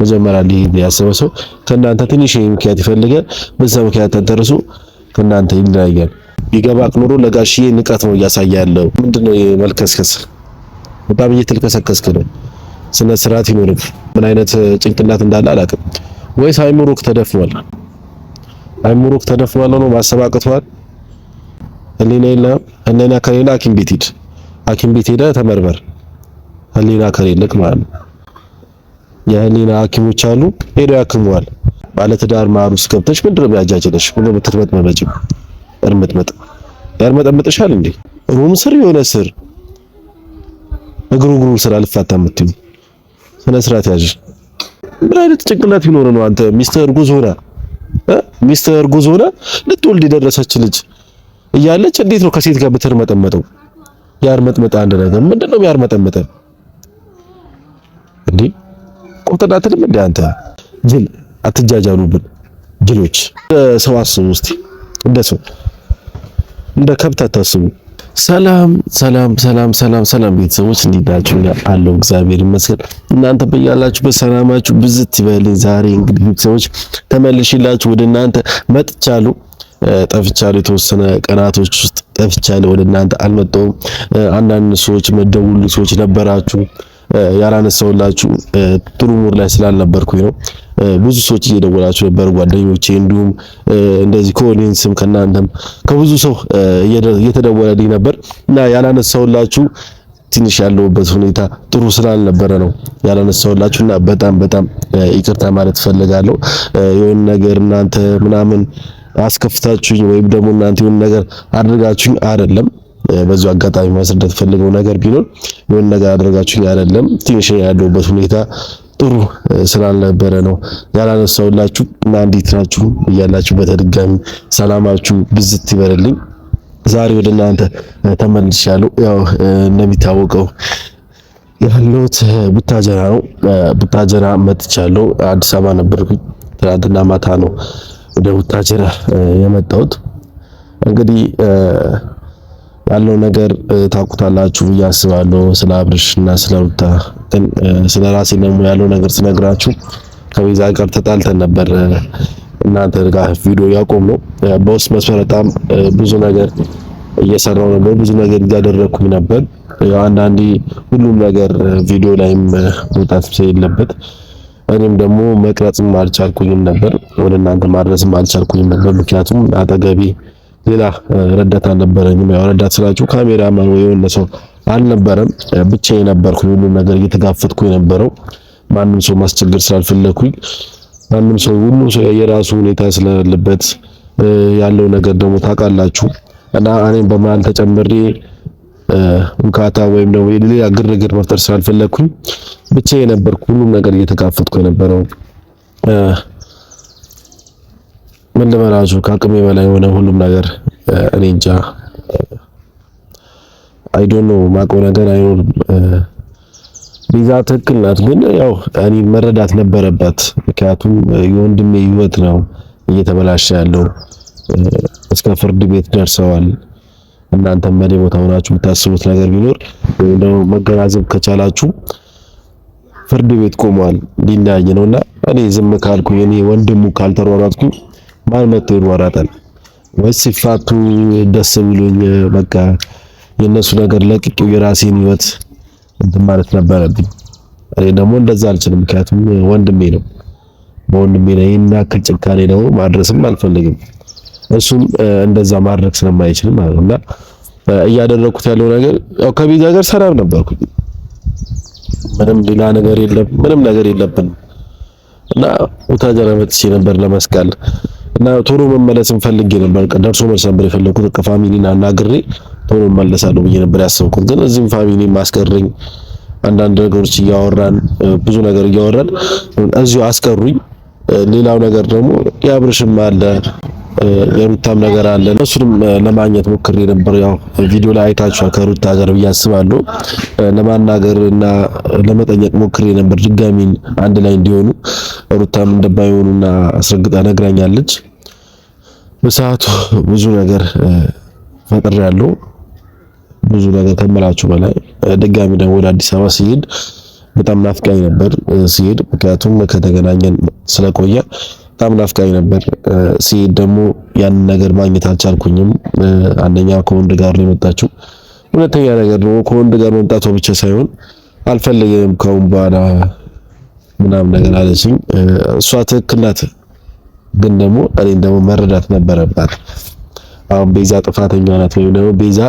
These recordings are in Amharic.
መጀመሪያ ሊሄድ ያሰበ ሰው ከእናንተ ትንሽ ምክንያት ይፈልጋል። በዛ ምክንያት ተንተርሶ ከእናንተ ይለያያል። ቢገባክ ኖሮ ለጋሽዬ ንቀት ነው እያሳየ ያለው። ምንድነው የመልከስከስ? በጣም እየተልከሰከስክ ነው። ስነ ስርዓት ይኖርክ። ምን አይነት ጭንቅላት እንዳለ አላውቅም። ወይስ አይምሮክ ተደፍኗል? አይምሮክ ተደፍኗል ነው ማሰብ አቅቷል። ህሊና የለህም። ህሊና ከሌለ ሐኪም ቤት ሂድ። ሐኪም ቤት ሄደህ ተመርመር። ህሊና ከሌለክ ማለት ነው። የህሊና ሐኪሞች አሉ ሄደው ያክመዋል። ባለትዳር ማሩ ውስጥ ገብተሽ ምንድን ነው ያጃጅለሽ ብሎ ብትመጥመጪ እርምጥምጥ ያርመጠምጥሻል እንዴ? ሩም ስር የሆነ ስር እግሩ እግሩ ስር አልፋታ የምትይው ስነ ስርዓት ያዥ። ምን አይነት ጭንቅላት ይኖር ነው አንተ? ሚስተር እርጉዝ ሆና ሚስተር እርጉዝ ሆና ልትወልድ የደረሰች ልጅ እያለች እንዴት ነው ከሴት ጋር ብትርመጠመጠው? ያርመጥመጣ አንድ ነገር ምንድን ነው ያርመጠመጠ እንዴ? ቆፍጠን አትልም እንደ አንተ ጅል። አትጃጃሉብን ጅሎች። ሰው አስቡ እስቲ፣ እንደ ሰው እንደ ከብት አታስቡ። ሰላም ሰላም ሰላም ሰላም ሰላም ቤተሰቦች እንዴት ናችሁ? አለው እግዚአብሔር ይመስገን። እናንተ በያላችሁበት በሰላማችሁ ብዝት ይበል። ዛሬ እንግዲህ ቤተሰቦች ተመልሽላችሁ ወደ እናንተ መጥቻለሁ። ጠፍቻለሁ፣ የተወሰነ ቀናቶች ውስጥ ጠፍቻለሁ። ወደ እናንተ አልመጣሁም። አንዳንድ ሰዎች መደውሉ ሰዎች ነበራችሁ ያላነሳውላችሁ ጥሩ ሙድ ላይ ስላልነበርኩኝ ነው። ብዙ ሰዎች እየደወላችሁ ነበር፣ ጓደኞቼ፣ እንዲሁም እንደዚህ ከኦዲየንስም ከእናንተም ከብዙ ሰው እየተደወለልኝ ነበር እና ያላነሳውላችሁ ትንሽ ያለውበት ሁኔታ ጥሩ ስላልነበረ ነው ያላነሳውላችሁ እና በጣም በጣም ይቅርታ ማለት ፈልጋለሁ። የሆነ ነገር እናንተ ምናምን አስከፍታችሁኝ ወይም ደግሞ እናንተ የሆነ ነገር አድርጋችሁኝ አይደለም በዚ አጋጣሚ ማስረዳት ፈልገው ነገር ቢኖር የሆነ ነገር አድርጋችሁኝ አይደለም፣ ትንሽ ያለሁበት ሁኔታ ጥሩ ስላልነበረ ነው ያላነሳሁላችሁ እና እንዴት ናችሁ እያላችሁ በተደጋሚ ሰላማችሁ ብዝት ይበርልኝ። ዛሬ ወደ እናንተ ተመልሻለሁ። ያው እንደሚታወቀው ያለሁት ቡታጀራ ነው። ቡታጀራ መጥቻለሁ። አዲስ አበባ ነበርኩኝ። ትናንትና ማታ ነው ወደ ቡታጀራ የመጣሁት እንግዲህ ያለው ነገር ታውቁታላችሁ ብዬ አስባለሁ። ስለ አብርሽ እና ስለ ሩታ ግን ስለ ራሴ ደግሞ ያለው ነገር ስነግራችሁ ከቤዛ ጋር ተጣልተን ነበር እናንተ ጋር ቪዲዮ ያቆም ነው። በውስጥ መስመር በጣም ብዙ ነገር እየሰራው ነበር፣ ብዙ ነገር እያደረኩኝ ነበር። አንዳንዴ ሁሉም ነገር ቪዲዮ ላይም መውጣት ስለሌለበት እኔም ደግሞ መቅረጽም አልቻልኩኝም ነበር፣ ወደ እናንተ ማድረስም አልቻልኩኝም ነበር። ምክንያቱም አጠገቤ ሌላ ረዳት አልነበረኝም። ያው ረዳት ስላችሁ ካሜራማን ወይ የሆነ ሰው አልነበረም። ብቻዬ ነበርኩኝ። ሁሉ ነገር እየተጋፈጥኩ የነበረው ማንም ሰው ማስቸገር ስላልፈለኩኝ ማንም ሰው ሁሉም ሰው የራሱ ሁኔታ ስላለበት ያለው ነገር ደግሞ ታውቃላችሁ እና እኔም በመሀል ተጨምሬ ውካታ ወይም ደግሞ ሌላ ግርግር መፍጠር ስላልፈለኩኝ ብቻዬ ነበርኩ። ሁሉም ነገር እየተጋፈጥኩ የነበረው ምን መለመናዙ ከአቅሜ በላይ የሆነ ሁሉም ነገር እኔ እንጃ አይ አይዶን ኖ ማውቀው ነገር አይኖርም። ቤዛ ትክክል ናት፣ ግን ያው እኔ መረዳት ነበረበት። ምክንያቱም የወንድሜ ህይወት ነው እየተበላሸ ያለው። እስከ ፍርድ ቤት ደርሰዋል። እናንተም በእኔ ቦታ ሆናችሁ የምታስቡት ነገር ቢኖር ወይም ደግሞ መገናዘብ ከቻላችሁ ፍርድ ቤት ቆሟል፣ ሊለያይ ነውና እኔ ዝም ካልኩኝ እኔ ወንድሙ ካልተሯሯጥኩኝ ማን መጥቶ ይሯሯጣል? ወይስ ሲፋቱ ደስ ብሎኝ በቃ የእነሱ ነገር ለቅቄው የራሴን ህይወት እንትን ማለት ነበረብኝ። እኔ ደግሞ እንደዛ አልችልም፣ ምክንያቱም ወንድሜ ነው። በወንድሜ ላይ ይህን ያክል ጭካኔ ደግሞ ማድረስም አልፈልግም። እሱም እንደዛ ማድረግ ስለማይችል ማለት ነውና እያደረኩት ያለው ነገር ያው ከቤዛ ጋር ሰላም ነበርኩ። ምንም ሌላ ነገር የለም፣ ምንም ነገር የለብንም እና ኡታጀራ መጥቼ ነበር ለመስቀል እና ቶሎ መመለስ እንፈልግ ነበር። ደርሶ መልስ ነበር የፈለኩት። በቃ ፋሚሊን አናግሬ ቶሎ መመለሳለሁ ብዬ ነበር ያሰብኩት። ግን እዚህም ፋሚሊ ማስቀረኝ፣ አንዳንድ ነገሮች እያወራን ብዙ ነገር እያወራን እዚሁ አስቀሩኝ። ሌላው ነገር ደግሞ የአብርሽም አለ የሩታም ነገር አለ። እሱንም ለማግኘት ሞክሬ ነበር። ያው ቪዲዮ ላይ አይታችኋል ከሩታ ጋር ብዬ አስባለሁ። ለማናገር እና ለመጠየቅ ሞክሬ ነበር ድጋሚን አንድ ላይ እንዲሆኑ ሩታም እንደማይሆኑና አስረግጣ ነግራኛለች። በሰዓቱ ብዙ ነገር ፈጥሬ ያለው ብዙ ነገር ከመላችሁ በላይ ድጋሚ ደግሞ ወደ አዲስ አበባ ሲሄድ በጣም ናፍቃኝ ነበር ሲሄድ ምክንያቱም ከተገናኘን ስለቆየ በጣም ናፍቃኝ ነበር። ሲሄድ ደግሞ ያንን ነገር ማግኘት አልቻልኩኝም። አንደኛ ከወንድ ጋር ነው የመጣችው። ሁለተኛ ነገር ደግሞ ከወንድ ጋር መምጣቷ ብቻ ሳይሆን አልፈልግም ከአሁን በኋላ ምናምን ነገር አለችኝ። እሷ ትክክል ናት፣ ግን ደግሞ እኔን ደግሞ መረዳት ነበረባት። አሁን ቤዛ ጥፋተኛ ናት ወይም ደግሞ ቤዛ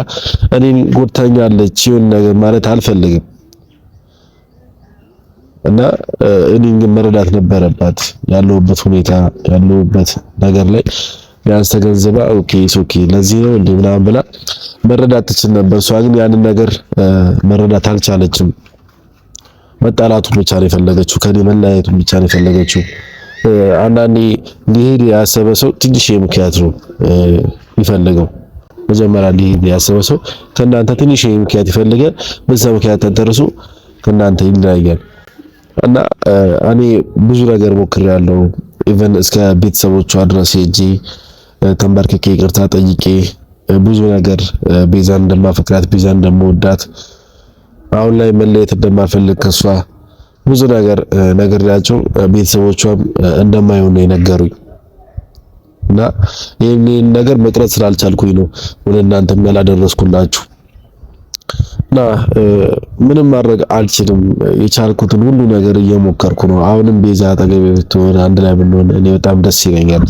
እኔን ጎድታኛለች ይሁን ነገር ማለት አልፈልግም እና እኔን ግን መረዳት ነበረባት። ያለውበት ሁኔታ ያለውበት ነገር ላይ ቢያንስ ተገንዝባ ኦኬ ኦኬ ለዚህ ነው እንደ ምናምን ብላ መረዳት ትችል ነበር። እሷ ግን ያንን ነገር መረዳት አልቻለችም። መጣላቱን ብቻ ነው የፈለገችው። ከኔ መለያየቱን ብቻ ነው የፈለገችው። አንዳንዴ ሊሄድ ያሰበ ሰው ትንሽ ምክንያት ነው ይፈልገው። መጀመሪያ ሊሄድ ያሰበ ሰው ከእናንተ ትንሽ ምክንያት ይፈልጋል። በዛ ምክንያት ተንተርሶ ከእናንተ ይለያያል። እና እኔ ብዙ ነገር ሞክሬያለሁ። ኢቨን እስከ ቤተሰቦቿ ድረስ ሄጄ ተንበርክኬ ይቅርታ ጠይቄ ብዙ ነገር ቤዛን እንደማፈቅራት ቤዛን እንደምወዳት አሁን ላይ መለየት እንደማፈልግ ከሷ ብዙ ነገር ነግሬያቸው ቤተሰቦቿም እንደማይሆን ነው የነገሩኝ። እና ይህን ነገር መቅረጽ ስላልቻልኩኝ ነው ወደ እናንተም ያላደረስኩላችሁ። እና ምንም ማድረግ አልችልም። የቻልኩትን ሁሉ ነገር እየሞከርኩ ነው። አሁንም ቤዛ አጠገብ ብትሆን አንድ ላይ ብንሆን እኔ በጣም ደስ ይለኛል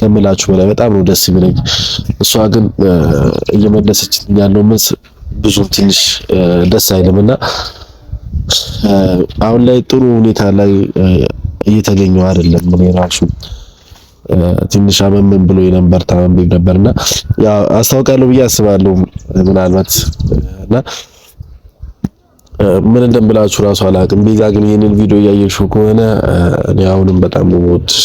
ከምላችሁ በላይ በጣም ነው ደስ የሚለኝ። እሷ ግን እየመለሰች ያለው መልስ ብዙ ትንሽ ደስ አይልም እና አሁን ላይ ጥሩ ሁኔታ ላይ እየተገኘው አይደለም እኔ ራሱ ትንሽ አመመን ብሎ የነበር ታመምብኝ ነበርና አስታውቃለሁ ብዬ አስባለሁ። ምናልባት እና ምን እንደምላችሁ ራሱ አላውቅም። ቤዛ ግን ይህንን ቪዲዮ እያየሽው ከሆነ እኔ አሁንም በጣም ነው የምወድሽ፣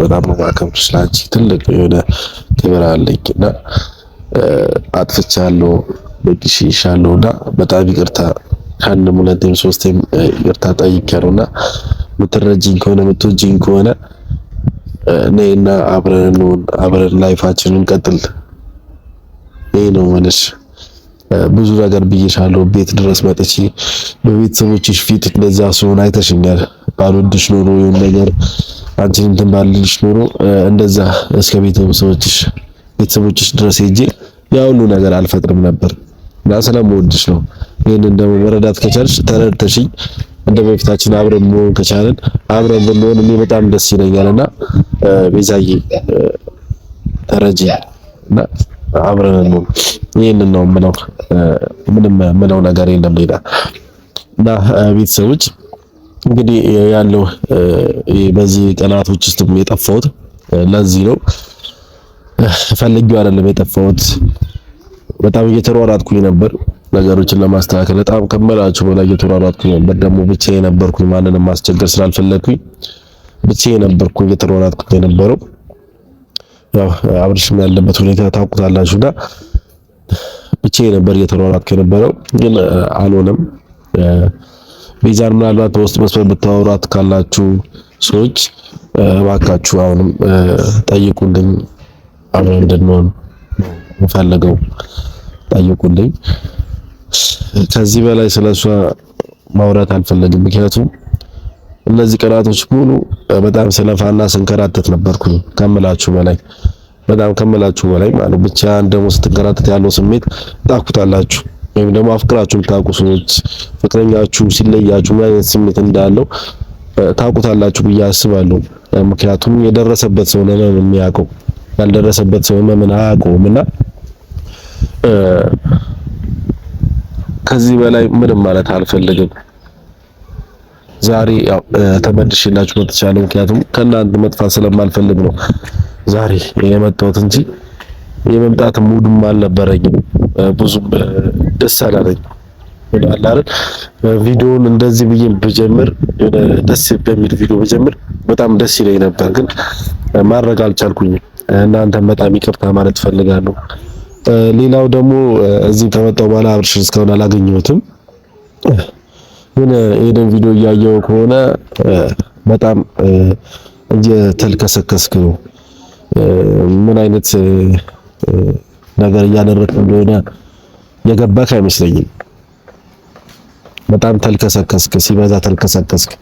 በጣም ነው የማከብርሽ። ላንቺ ትልቅ የሆነ ክብር አለኝ እና አጥፍቻለሁ፣ በድዬሻለሁ እና በጣም ይቅርታ ከአንድም ሁለቴም ሶስቴም ይቅርታ ጠይቄያለሁ እና የምትረጂኝ ከሆነ የምትወጂኝ ከሆነ ነይና አብረን እንሆን አብረን ላይፋችንን ቀጥል። ይሄ ነው መልሽ። ብዙ ነገር ብዬሻለሁ። ቤት ድረስ መጥቼ በቤተሰቦችሽ ፊት እንደዛ ሲሆን አይተሽኛል። ባልወድሽ ኖሮ ይሁን ነገር አንቺን እንትን ባልልሽ ኖሮ እንደዛ እስከ ቤተሰቦችሽ ቤተሰቦችሽ ድረስ ሄጄ ያ ሁሉ ነገር አልፈጥርም ነበር እና ስለምወድሽ ነው። ይህንን ደግሞ መረዳት ከቻልሽ ተረድተሽኝ እንደ በፊታችን አብረን መሆን ከቻለን አብረን ብንሆን እኔ በጣም ደስ ይለኛል እና ቤዛዬ ተረጂ እና አብረን እንሆን። ይህንን ነው የምለው፣ ምንም የምለው ነገር የለም ሌላ። እና ቤተሰቦች እንግዲህ ያለው በዚህ ቀናቶች ውስጥ የጠፋሁት ለዚህ ነው። ፈልጌው አይደለም የጠፋሁት፣ በጣም እየተሯሯጥኩኝ ነበር ነገሮችን ለማስተካከል በጣም ከመላችሁ በላይ እየተሯሯጥኩኝ ነበር። ደግሞ ብቻዬን ነበርኩኝ፣ ማንንም ማስቸገር ስላልፈለግኩኝ ብቻዬን ነበርኩኝ እየተሯሯጥኩኝ የነበረው። ያው አብርሽም ያለበት ሁኔታ ታውቁታላችሁና ብቻዬን ነበር እየተሯሯጥኩ የነበረው፣ ግን አልሆነም። ቤዛን ምናልባት በውስጥ መስመር ብታወሯት ካላችሁ ሰዎች እባካችሁ አሁንም ጠይቁልኝ፣ አብረን እንድንሆን የምፈልገው ጠይቁልኝ። ከዚህ በላይ ስለሷ ማውራት አልፈለግም። ምክንያቱም እነዚህ ቀናቶች ሙሉ በጣም ስለፋና ስንከራተት ነበርኩኝ ከምላችሁ በላይ በጣም ከምላችሁ በላይ ማለት ብቻ ደግሞ ስትንከራተት ያለው ስሜት ታውቁታላችሁ። ወይም ደግሞ አፍቅራችሁ ታውቁ ሰዎች ፍቅረኛችሁ ሲለያችሁ ምን አይነት ስሜት እንዳለው ታውቁታላችሁ ብዬ አስባለሁ። ምክንያቱም የደረሰበት ሰው ነው የሚያውቀው፣ ያልደረሰበት ሰው ምን አያውቀውም እና ከዚህ በላይ ምንም ማለት አልፈልግም። ዛሬ ያው ተመልሼላችሁ መጥቻለሁ። ምክንያቱም ከእናንተ መጥፋት ስለማልፈልግ ነው ዛሬ የመጣሁት እንጂ የመምጣት ሙድም አልነበረኝም። ብዙም ደስ አላለኝ። አላረን ቪዲዮውን እንደዚህ ብዬ ብጀምር ደስ በሚል ቪዲዮ ብጀምር በጣም ደስ ይለኝ ነበር፣ ግን ማድረግ አልቻልኩኝም። እናንተም በጣም ይቅርታ ማለት ፈልጋለሁ። ሌላው ደግሞ እዚህ ከመጣው በኋላ አብርሽን እስካሁን አላገኘሁትም፣ ግን ይሄን ቪዲዮ እያየው ከሆነ በጣም እየተልከሰከስክ ነው። ምን አይነት ነገር እያደረክ እንደሆነ የገባክ አይመስለኝም። በጣም ተልከሰከስክ፣ ሲበዛ ተልከሰከስክ።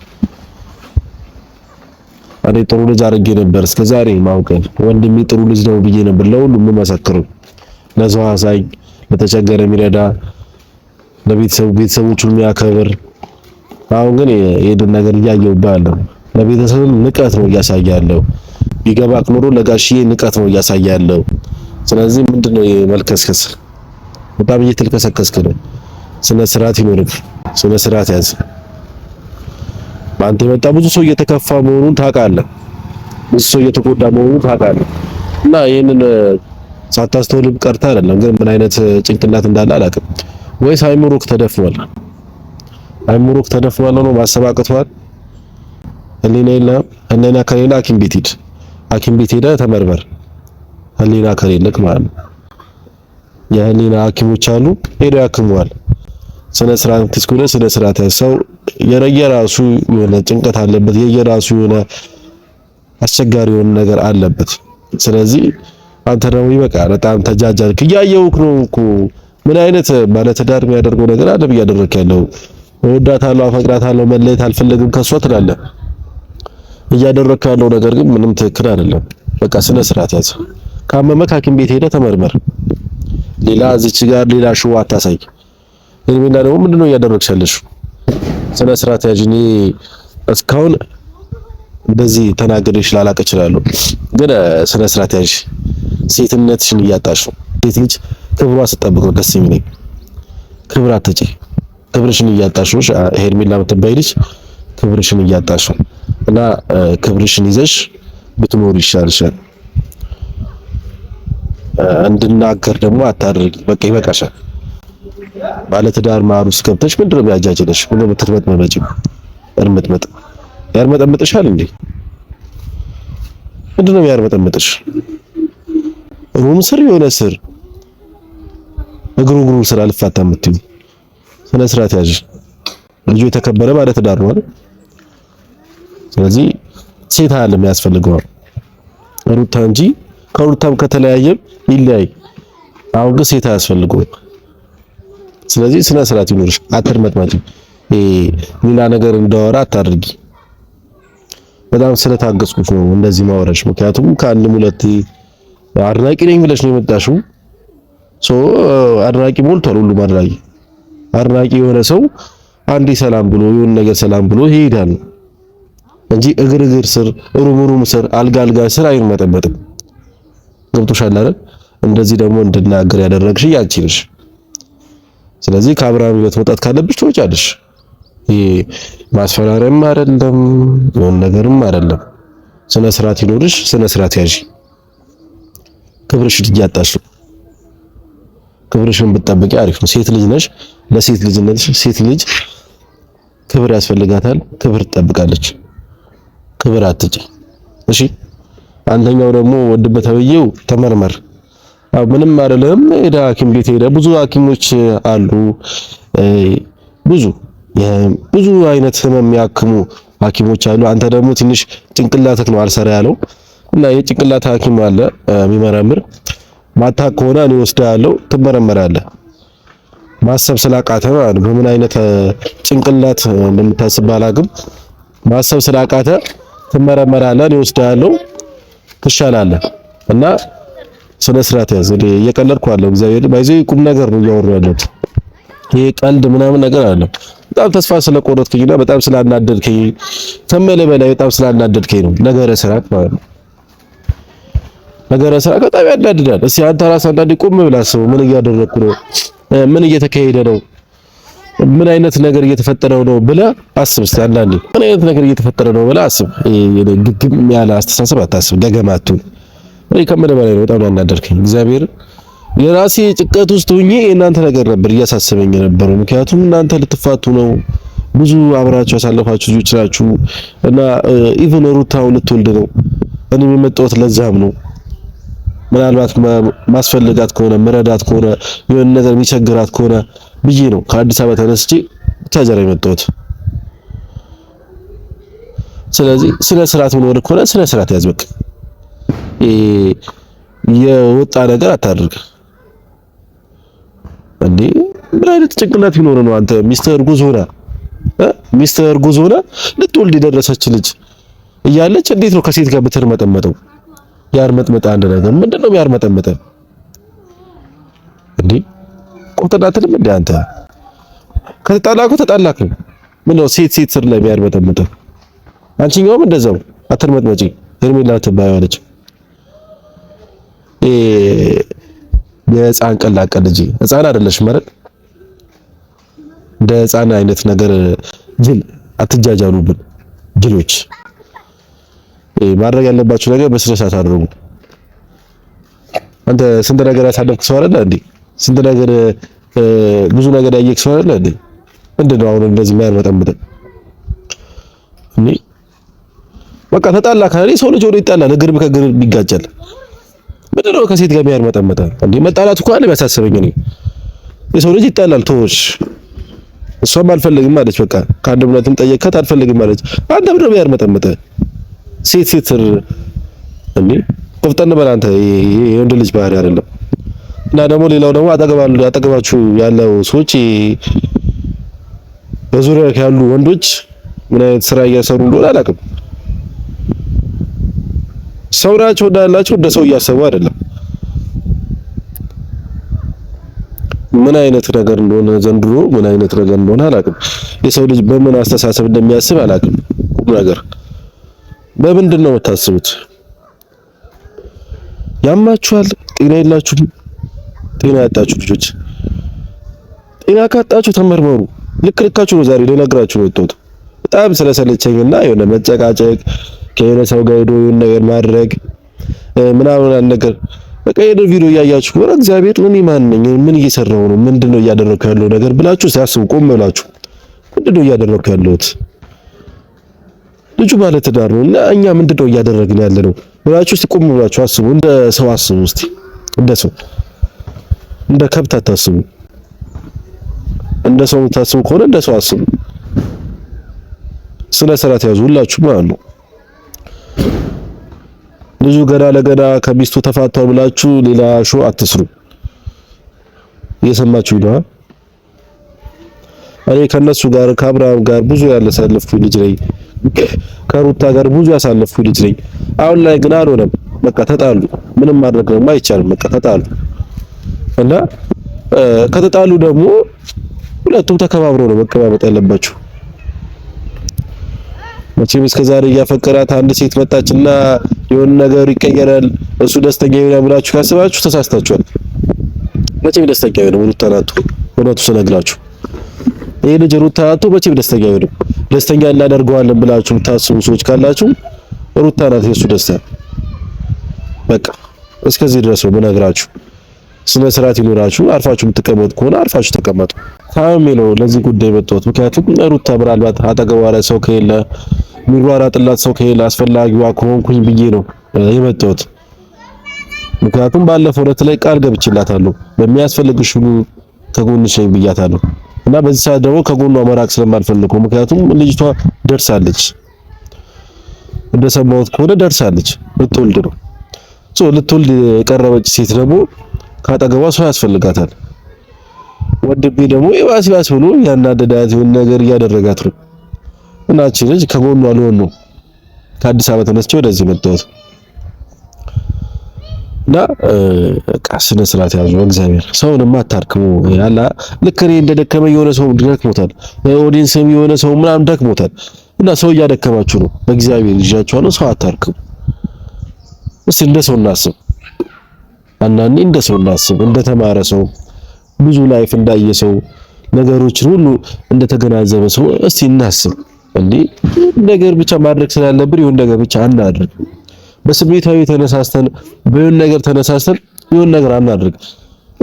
እኔ ጥሩ ልጅ አድርጌ ነበር እስከዛሬ ማውቀን፣ ወንድሜ ጥሩ ልጅ ነው ብዬ ነበር ለሁሉም መሰክረው ለሰው አሳይ ለተቸገረ የሚረዳ፣ ለቤተሰቡ ቤተሰቦቹን የሚያከብር። አሁን ግን ይሄን ነገር እያየሁብህ አለው። ለቤተሰብም ንቀት ነው እያሳያለሁ። ቢገባክ ኖሮ ለጋሽዬ ንቀት ነው እያሳያለሁ። ስለዚህ ምንድነው የመልከስከስ? በጣም እየተልከሰከስክ ነው። ስነ ስርዓት ይኖርክ፣ ስነ ስርዓት ያዝ። በአንተ የመጣ ብዙ ሰው እየተከፋ መሆኑን ታውቃለህ። ብዙ ሰው እየተጎዳ መሆኑን ታውቃለህ እና ይሄንን ሳታስተውልም ቀርታ አይደለም፣ ግን ምን አይነት ጭንቅላት እንዳለ አላውቅም። ወይስ አይምሮክ ተደፍኗል? አይምሮክ ተደፍኗል ነው ማሰብ አቅቷል። ህሊና የለህም። ህሊና ከሌለ ሐኪም ቤት ሂድ። ሐኪም ቤት ሄደህ ተመርመር። ህሊና ከሌለክ ማለት ነው። የህሊና ሐኪሞች አሉ፣ ሄደው ያክሙሃል። ስነ ስርዓት ትስኩለ ስነ ስርዓት ሰው የየራሱ የሆነ ጭንቀት አለበት፣ የየራሱ የሆነ አስቸጋሪ የሆነ ነገር አለበት። ስለዚህ አንተ ደግሞ ይበቃ፣ በጣም ተጃጃል። እያየሁህ ነው እኮ ምን አይነት ባለትዳር የሚያደርገው ነገር አለ ብዬ አደረክ ያለው እወዳታለሁ፣ አፈቅራታለሁ፣ መለየት አልፈልግም ከሷ ትላለህ። እያደረክ ያለው ነገር ግን ምንም ትክክል አይደለም። በቃ ስነ ስርዓት ያዝ። ካመመህ ሐኪም ቤት ሄደህ ተመርመር። ሌላ እዚች ጋር ሌላ ሽዋ አታሳይ። እኔ ምን ደግሞ ምንድነው እያደረግሽ ያለሽ? ስነ ስርዓት ያዥ። እኔ እስካሁን እንደዚህ ተናገረሽ ላላቅ እችላለሁ፣ ግን ስነ ስርዓት ያዥ። ሴትነትሽን እያጣሽ ነው። ሴት ልጅ ክብሯ ስጠብቅ ነው ደስ የሚለኝ። ክብር አትጪ፣ ክብርሽን እያጣሽ ነው። ሄርሜላ የምትባይ ልጅ ክብርሽን እያጣሽ ነው እና ክብርሽን ይዘሽ ብትኖር ይሻልሻል። እንድናገር ደግሞ አታድርጊ። በቃ ይበቃሻል። ባለትዳር ማር ውስጥ ገብተሽ ምንድን ነው የሚያጃጅለሽ? ምንድን ነው የምትመጥመጪው? እርምጥምጥ ያርመጠምጥሻል እንዴ? ምንድን ነው ያርመጠምጥሽ? ሩም ስር የሆነ ስር እግሩ እግሩ ስር አልፋታ የምትይው ስነ ስርዓት ያዥ። ልጁ የተከበረ ማለት ዳር ነው አይደል? ስለዚህ ሴት አለ ያስፈልገዋል ሩታ እንጂ ከሩታም ከተለያየም ይለያይ። አሁን ግን ሴት አያስፈልገውም። ስለዚህ ስነ ስርዓት ይኖርሽ፣ አትርመጥመጪ። ሌላ ነገር እንደወራ አታድርጊ። በጣም ስለታገስኩት ነው እንደዚህ ማወራሽ። ምክንያቱም ከአንድም ሁለቴ አድናቂ ነኝ ብለሽ ነው የመጣሽው። ሶ አድናቂ ሞልቷል። ሁሉም አድናቂ አድናቂ የሆነ ሰው አንዴ ሰላም ብሎ የሆነ ነገር ሰላም ብሎ ይሄዳል እንጂ እግር እግር ስር ሩም ሩም ስር አልጋ አልጋ ስር አይርመጠመጥም። ገብቶሻል አይደል? እንደዚህ ደግሞ እንድናገር ያደረግሽ ያቺ ነሽ። ስለዚህ ከአብርሃም ሕይወት መውጣት ካለብሽ ትወጫለሽ። ማስፈራሪያም አይደለም የሆነ ነገርም አይደለም። ስነ ስርዓት ይኖርሽ፣ ስነ ስርዓት ያዥ። ክብርሽን እያጣሽ ክብርሽን ብትጠብቂ አሪፍ ነው። ሴት ልጅ ነሽ። ለሴት ልጅ ነሽ። ሴት ልጅ ክብር ያስፈልጋታል። ክብር ትጠብቃለች። ክብር አትጪ። እሺ አንደኛው ደግሞ ወድበት አብዬው ተመርመር። አዎ ምንም አይደለም። ሄዳ ሐኪም ቤት ሄዳ ብዙ ሐኪሞች አሉ ብዙ ብዙ አይነት ህመም የሚያክሙ ሐኪሞች አሉ። አንተ ደግሞ ትንሽ ጭንቅላትህ ነው አልሰራ ያለው እና የጭንቅላት ሐኪም አለ የሚመረምር። ማታ ከሆነ እኔ ወስድሃለሁ፣ ትመረመራለህ። ማሰብ ስላቃተ ማለት በምን አይነት ጭንቅላት እንደምታስብ አላውቅም። ማሰብ ስላቃተ ትመረመራለህ፣ እኔ ወስድሃለሁ፣ ትሻላለህ። እና ስነ ስርዓት ያዝ። እኔ እየቀለድኩ አለው እግዚአብሔር ባይዘ ቁም ነገር ነው እያወራሁ ያለሁት። ይሄ ቀልድ ምናምን ነገር አለ በጣም ተስፋ ስለቆረጥክኝና በጣም ስላናደድከኝ ተመለ በላይ በጣም ስላናደድከኝ ነው ነገረ ስራት ማለት ነው። ነገረ ስራክ በጣም ያናድዳል። እስኪ አንተ ራስህ አንዳንዴ ቆም ብለህ አስበው። ምን እያደረግኩ ነው? ምን እየተካሄደ ነው? ምን አይነት ነገር እየተፈጠረው ነው ብለህ አስብ። እስኪ አንዳንዴ ምን አይነት ነገር እየተፈጠረ ነው ብለህ አስብ። ግግም ያለ አስተሳሰብ አታስብ። ደገማቱ ወይ ከመለ በላይ ነው በጣም ያናደድከኝ እግዚአብሔር የራሴ ጭቀት ውስጥ ሁኜ የእናንተ ነገር ነበር እያሳሰበኝ የነበረው። ምክንያቱም እናንተ ልትፋቱ ነው፣ ብዙ አብራችሁ ያሳለፋችሁ ልጆች ናችሁ እና ኢቭን ሩታው ልትወልድ ነው። እኔ የመጣሁት ለዛም ነው። ምናልባት ማስፈልጋት ከሆነ ምረዳት ከሆነ የሆነ ነገር የሚቸግራት ከሆነ ብዬ ነው ከአዲስ አበባ ተነስቼ ብቻጀራ የመጣሁት። ስለዚህ ስነ ስርዓት መኖር ከሆነ ስነ ስርዓት ያዝበቅ የወጣ ነገር አታድርግ። እንዴ ምን አይነት ጭንቅላት ይኖር ነው አንተ? ሚስተር ጉዞና ሚስተር ጉዞና ልትወልድ የደረሰች ልጅ እያለች እንዴት ነው ከሴት ጋር ብትርመጠመጠው? ያርመጥመጠ አንድ ነገር ምንድነው ነው ያርመጠመጠ? እንዴ ቆጥናትንም እንዴ አንተ ከተጣላኩ ተጣላክ ነው። ምን ነው ሴት ሴት ስር ላይ ያርመጠመጠ? አንቺኛውም እንደዛው አትርመጥመጪ። እርሜላ ትባያለች። የህፃን ቀላቀ ልጅ ህፃን አይደለሽ ማለት እንደ ህፃን አይነት ነገር ጅል አትጃጃሉብን። ጅሎች ማድረግ ያለባችሁ ነገር በስነ ስርዓት አድርጉ። አንተ ስንት ነገር ያሳለፍክ ሰው አይደለ እንዴ? ስንት ነገር ብዙ ነገር ያየክ ሰው አይደለ እንዴ? ምንድን አሁን እንደዚህ የሚያርመጠምጥ እኔ በቃ ተጣላ ካለ ሰው ልጅ ወደ ይጣላል፣ እግር ከእግር ይጋጫል። ምንድን ነው ከሴት ጋር የሚያርመጠመጠ እንዴ? መጣላት እኮ አለ ያሳሰበኝ እኔ። የሰው ልጅ ይጣላል። ተወች። እሷም አልፈልግም አለች። በቃ ከአንድ ሁለትም ጠየቅካት አልፈልግም አለች። አንተ ምንድን ነው የሚያርመጠመጠ ሴት ሴት እንዴ? ቆፍጠን በል አንተ። የወንድ ልጅ ባህሪ አይደለም። እና ደግሞ ሌላው ደግሞ አጠገባችሁ ያለው ሰዎች በዙሪያ ያሉ ወንዶች ምን አይነት ስራ እያሰሩ እንደሆነ አላውቅም። ሰው ናቸው እንዳላቸው እንደ ሰው እያሰቡ አይደለም። ምን አይነት ነገር እንደሆነ ዘንድሮ ምን አይነት ነገር እንደሆነ አላውቅም። የሰው ልጅ በምን አስተሳሰብ እንደሚያስብ አላውቅም። ቁም ነገር በምንድን ነው የምታስቡት? ያማችኋል። ጤና የላችሁም። ጤና ያጣችሁ ልጆች፣ ጤና ካጣችሁ ተመርመሩ። ልክ ልካችሁ ነው ዛሬ ልነግራችሁ ነው የወጣሁት። በጣም ስለሰለቸኝና የሆነ መጨቃጨቅ ከሆነ ሰው ጋር ሄዶ የሆነ ነገር ማድረግ ምናምን አለ ነገር በቃ የድር ቪዲዮ እያያችሁ ከሆነ እግዚአብሔር እኔ ማን ነኝ? ምን እየሰራሁ ነው? ምንድነው እያደረኩ ያለው ነገር ብላችሁ ሲያስቡ ቆም ብላችሁ ምንድነው እያደረኩ ያለሁት? ልጁ ባለ ትዳር ነው እና እኛ ምንድነው እያደረግን ያለ ነው ብላችሁ እስቲ ቆም ብላችሁ አስቡ። እንደ ሰው አስቡ እስቲ፣ እንደ ሰው እንደ ከብት አታስቡ። እንደ ሰው የምታስቡ ከሆነ እንደ ሰው አስቡ። ስነ ስርዓት ያዙ ሁላችሁ ማለት ነው። ልጁ ገና ለገና ከሚስቱ ተፋቷል ብላችሁ ሌላ ሾ አትስሩ። እየሰማችሁ ነው። እኔ ከነሱ ጋር ከአብርሃም ጋር ብዙ ያሳለፍኩ ልጅ ነኝ። ከሩታ ጋር ብዙ ያሳለፍኩ ልጅ ነኝ። አሁን ላይ ግን አልሆነም። በቃ ተጣሉ። ምንም ማድረግ ደግሞ አይቻልም። በቃ ተጣሉ እና ከተጣሉ ደግሞ ሁለቱም ተከባብረው ነው መቀማመጥ ያለባቸው። መቼም እስከዛሬ እያፈቀራት አንድ ሴት መጣችና የሆነ ነገር ይቀየራል፣ እሱ ደስተኛ ይሆናል ብላችሁ ካስባችሁ ተሳስታችኋል። መቼም ደስተኛ ይሆናል ሩታ ናቱ እውነቱ ስነግራችሁ ይሄ ልጅ ሩታ ናቱ መቼም ደስተኛ ይሆናል። ደስተኛ እናደርገዋለን ብላችሁ ታስቡ ሰዎች ካላችሁ ሩታ ናት የሱ ደስታ። በቃ እስከዚህ ድረስ ነው የምነግራችሁ። ስነ ስርዓት ይኖራችሁ አርፋችሁ የምትቀመጡ ከሆነ አርፋችሁ ተቀመጡ። ታሜ ነው ለዚህ ጉዳይ መጣሁት። ምክንያቱም ሩታ ምናልባት አጠገቧ ላይ ሰው ከሌለ ጥላት ሰው ከሌለ አስፈላጊዋ ከሆንኩኝ ብዬ ነው የመጣሁት። ምክንያቱም ባለፈው ዕለት ላይ ቃል ገብቼላታለሁ በሚያስፈልግሽ ሁሉ ከጎንሽ ነኝ ብያታለሁ። እና በዚህ ሰዓት ደግሞ ከጎኗ መራቅ ስለማልፈልገው ምክንያቱም ልጅቷ ደርሳለች፣ እንደሰማሁት ከሆነ ደርሳለች፣ ልትወልድ ነው። ሶ ልትወልድ የቀረበች ሴት ደግሞ ካጠገቧ ሰው ያስፈልጋታል። ወንድሜ ደግሞ ይባስ ይባስ ብሎ ያናደዳት ይሁን ነገር እያደረጋት ነው። እቺ ልጅ ከጎኑ ነው ከአዲስ አበባ ተነስቼ ወደዚህ መጣሁት እና በቃ ስነ ስርዓት ያዙ። እግዚአብሔር ሰውንም አታርክሙ። ያላ ልክ እኔ እንደደከመ የሆነ ሰው ደክሞታል፣ ኦዲየንስም የሆነ ሰው ምናምን ደክሞታል። እና ሰው እያደከማችሁ ነው። በእግዚአብሔር ይዣችኋለሁ፣ ሰው አታርክሙ። እስቲ እንደ ሰው እናስብ። አንዳንዴ እንደ ሰው እናስብ፣ እንደ ተማረ ሰው ብዙ ላይፍ እንዳየ ሰው ነገሮችን ሁሉ እንደተገናዘበ ሰው እስቲ እናስብ። እንዴ ይህን ነገር ብቻ ማድረግ ስላለብን ይሁን ነገር ብቻ አናድርግ። በስሜታዊ ተነሳስተን በይሁን ነገር ተነሳስተን ይሁን ነገር አናድርግ።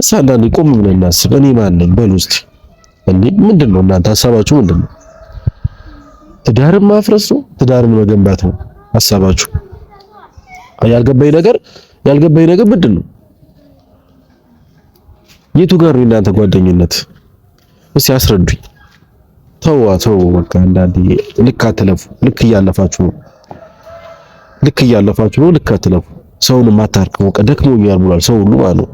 እሳ አንዳንዴ ቆም ብለን እናስብ። እኔ ማን ነኝ በሉ እስቲ። እንዴ ምንድን ነው እናንተ ሀሳባችሁ ምንድን ነው? ትዳርን ማፍረስ ነው? ትዳርን መገንባት ነው ሀሳባችሁ? ያልገባኝ ነገር ያልገባኝ ነገር ምንድን ነው? የቱ ጋር ነው እናንተ ጓደኝነት? እስቲ አስረዱኝ። ተዋ ተው በቃ አንዳንዴ ልክ አትለፉ። ልክ እያለፋችሁ ነው። ልክ እያለፋችሁ ነው። ልክ አትለፉ። ሰውን ማታርከው በቃ ደክሞኛል ብሏል ሰው ሁሉ ማለት ነው።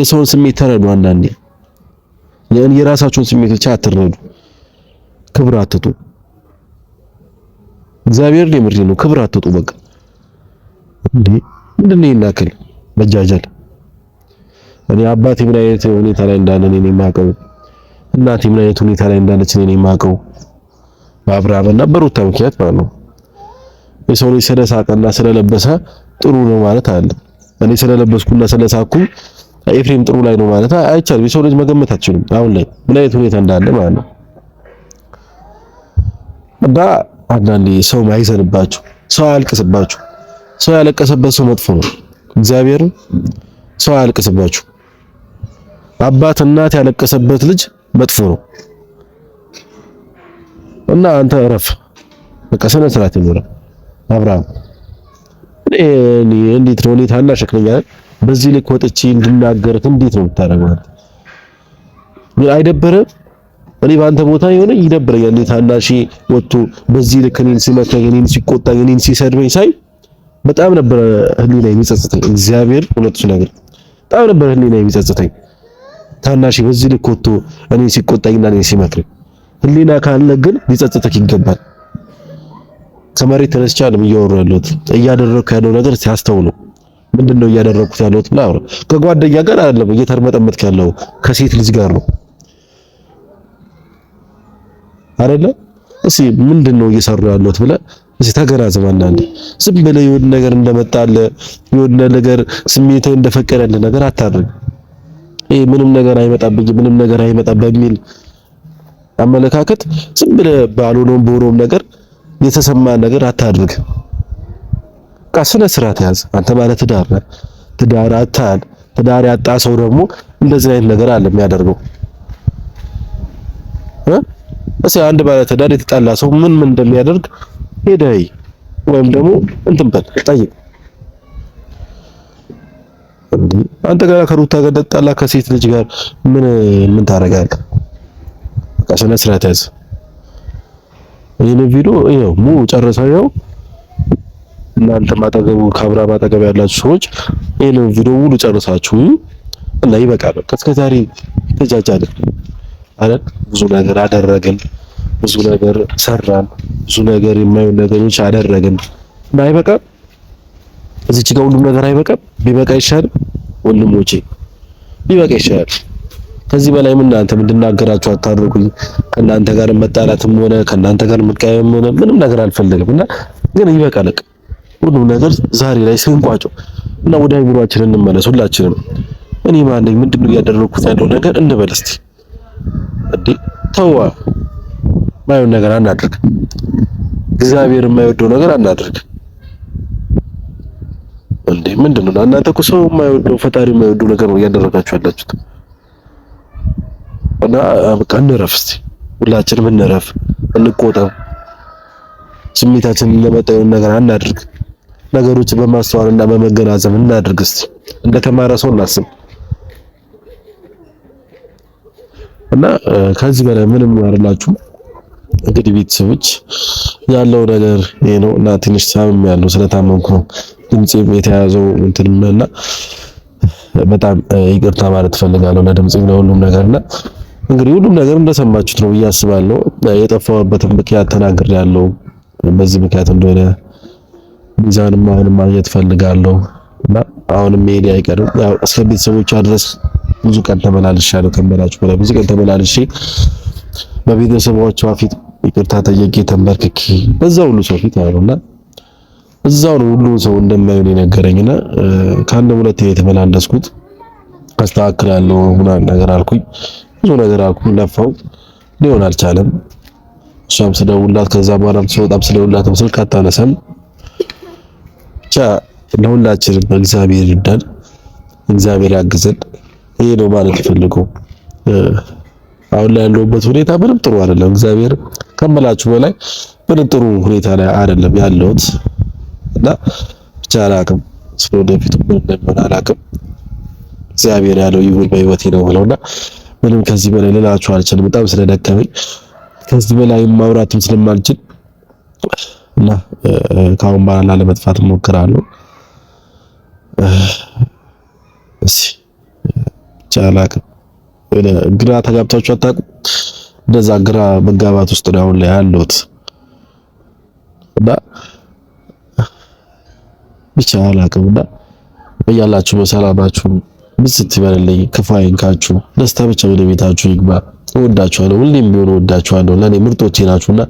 የሰውን ስሜት ተረዱ። አንዳንዴ የራሳችሁን ስሜት ብቻ አትረዱ። ክብር አትጡ። እግዚአብሔር የምር ነው። ክብር አትጡ። በቃ እንዴ ምንድን ነው ይናክል መጃጃል። እኔ አባቴ ምን አይነት ሁኔታ ላይ እንዳለ እኔ የማውቀው እናቴ ምን አይነት ሁኔታ ላይ እንዳለች እኔ የማውቀው በአብርሃምና በሩታ ምክንያት ማለት ነው። የሰው ልጅ ስለሳቀና ስለለበሰ ጥሩ ነው ማለት አለ። እኔ ስለለበስኩና ስለሳኩ ኤፍሬም ጥሩ ላይ ነው ማለት አይቻልም። የሰው ልጅ መገመት አችልም አሁን ላይ ምን አይነት ሁኔታ እንዳለ ማለት ነው። እና አንዳንዴ ሰው ማይዘንባችሁ፣ ሰው አያልቅስባችሁ። ሰው ያለቀሰበት ሰው መጥፎ ነው። እግዚአብሔር ሰው አያልቅስባችሁ። አባት እናት ያለቀሰበት ልጅ መጥፎ ነው እና አንተ እረፍ። በቃ ስነ ስርዓት ይኖራል። አብርሃም እንዴት ነው? እኔ ታናሽ ነኝ በዚህ ልክ ወጥቼ እንድናገር እንዴት ነው የምታደርገው? ምን አይደበረም? እኔ በአንተ ቦታ የሆነ ይደብረኛል። እንዴ ታናሽ ወጥቶ በዚህ ልክ እኔን ሲመታኝ፣ እኔን ሲቆጣኝ፣ እኔን ሲሰድበኝ ሳይ በጣም ነበር ህሊና የሚጸጽተኝ። እግዚአብሔር ሁለቱ ነገር በጣም ነበር ህሊና የሚጸጽተኝ። ታናሽ በዚህ ልክ ወጥቶ እኔ ሲቆጣኝና እኔ ሲመክር ህሊና ካለ ግን ሊጸጽትህ ይገባል። ከመሬት ተነስቼ አይደለም እያወሩ ያለሁት እያደረኩ ያለው ነገር ሲያስተውሉ ምንድን ነው እያደረኩት ያለሁት ብላ አውራ። ከጓደኛ ጋር አይደለም እየተርመጠመጥክ ያለው ከሴት ልጅ ጋር ነው አይደለ? እሺ ምንድን ነው እየሰሩ ያለሁት ብለህ እስኪ ተገናዘብ። አንዳንዴ ዝም ብለህ የሆነ ነገር እንደመጣለ የሆነ ነገር ስሜትህ እንደፈቀደልህ ነገር አታድርግ። ምንም ነገር አይመጣብኝ ምንም ነገር አይመጣ በሚል አመለካከት ዝም ብለህ ባልሆነውም በሆነውም ነገር የተሰማ ነገር አታድርግ። በቃ ስነ ስርዓት ያዝ። አንተ ማለት ትዳር ነህ። ትዳር አታል ትዳር ያጣ ሰው ደግሞ እንደዚህ አይነት ነገር አለ የሚያደርገው እ እስኪ አንድ ባለ ትዳር የተጣላ ሰው ምን ምን እንደሚያደርግ ሄደህ ወይም ደግሞ እንትን በል ጠይቅ። አንተ ጋር ከሩታ ጋር ደጣላ ከሴት ልጅ ጋር ምን ምን ታደርጋለህ? በቃ ስነ ስርዓት ያዝ። ይሄን ቪዲዮ ይኸው ሙ ጨረሰው። እናንተ ማጠገቡ ካብራ ማጠገብ ያላችሁ ሰዎች ይሄን ቪዲዮ ሙሉ ጨረሳችሁ እና ይበቃል። በቃ እስከ ዛሬ ተጃጃልን አይደል? ብዙ ነገር አደረግን፣ ብዙ ነገር ሰራን፣ ብዙ ነገር የማይሆን ነገሮች አደረግን እና ይበቃል። እዚች ጋር ሁሉም ነገር አይበቃም? ቢበቃ ይሻል ወንድሞቼ፣ ቢበቃ ይሻል። ከዚህ በላይም እናንተ እንድናገራችሁ አታድርጉኝ። ከእናንተ ጋር መጣላትም ሆነ ከእናንተ ጋር መቀየም ሆነ ምንም ነገር አልፈልግም እና ግን ለቅ ሁሉም ነገር ዛሬ ላይ ስንቋጨው እና ወደ አይምሯችን እንመለስ ሁላችንም። እኔ ማን ነኝ? ምንድነው እያደረኩት ያለው ነገር እንበል እስቲ። እንዴ ተዋ፣ ማየውን ነገር አናድርግ። እግዚአብሔር የማይወደው ነገር አናድርግ። እንዴ ምንድን ነው እናንተ እኮ ሰው የማይወደው ፈጣሪ የማይወደው ነገር ነው እያደረጋችሁ ያላችሁት እና በቃ እንረፍ እስቲ ሁላችንም እንረፍ እንቆጠብ ስሜታችንን ለመጠየውን ነገር አናድርግ ነገሮች በማስተዋልና በመገናዘብ እናድርግ እስቲ እንደተማረ ሰው እናስብ እና ከዚህ በላይ ምንም ያደርላችሁ እንግዲህ ቤተሰቦች ያለው ነገር ይሄ ነው እና ትንሽ ሳምም ያለው ስለታመምኩ ነው ድምፄም የተያዘው እንትንም እና በጣም ይቅርታ ማለት ፈልጋለሁ ለድምፄም ለሁሉም ነገርና እንግዲህ ሁሉም ነገር እንደሰማችሁት ነው ብዬ አስባለሁ። የጠፋሁበትን ምክንያት ተናግር ያለው በዚህ ምክንያት እንደሆነ ሚዛንም አሁንም ማግኘት ፈልጋለሁ እና አሁንም መሄድ አይቀርም። ያው እስከ ቤተሰቦቿ ድረስ ብዙ ቀን ተመላልሻለሁ። ከመላችሁ በኋላ ብዙ ቀን ተመላልሼ በቤተሰቦቿ ፊት ይቅርታ ጠየቄ ተንበርክኬ በዛ ሁሉ ሰው ፊት ያለውና እዛው ነው ሁሉም ሰው እንደማይሆን የነገረኝና ከአንድ ሁለት የተመላለስኩት አስተካክላለሁ ምናምን ነገር አልኩኝ። ብዙ ነገር አልኩ፣ ለፋው ሊሆን አልቻለም። እሷም ስደውላት ከዛ በኋላም ስወጣም ስደውላትም ስልክ አታነሳም። ብቻ ለሁላችንም በእግዚአብሔር ይርዳን፣ እግዚአብሔር ያግዘን። ይሄ ነው ማለት ፈልገው። አሁን ላይ ያለሁበት ሁኔታ ምንም ጥሩ አይደለም። እግዚአብሔር ከመላችሁ በላይ ምንም ጥሩ ሁኔታ ላይ አይደለም ያለሁት። እና ብቻ አላቅም ስለ ወደፊቱ ምን እንደሚሆን አላቅም። እግዚአብሔር ያለው ይሁን በህይወቴ ነው ብለውና ምንም ከዚህ በላይ ልላችሁ አልችልም። በጣም ስለደከመኝ ከዚህ በላይ ማውራትም ስለማልችል እና ከአሁን በኋላ ለመጥፋት እሞክራለሁ። እሺ ብቻ አላቅም። ግራ ተጋብታችሁ አታውቁም? እንደዛ ግራ መጋባት ውስጥ ነው አሁን ላይ ያለሁት እና ብቻ አላቅምና እያላችሁ በሰላማችሁ ብስት ይበልልኝ፣ ክፉ አይንካችሁ፣ ደስታ ብቻ ወደ ቤታችሁ ይግባ። እወዳችኋለሁ፣ ሁሌም ቢሆን እወዳችኋለሁ። ለእኔ ምርጦቼ ናችሁና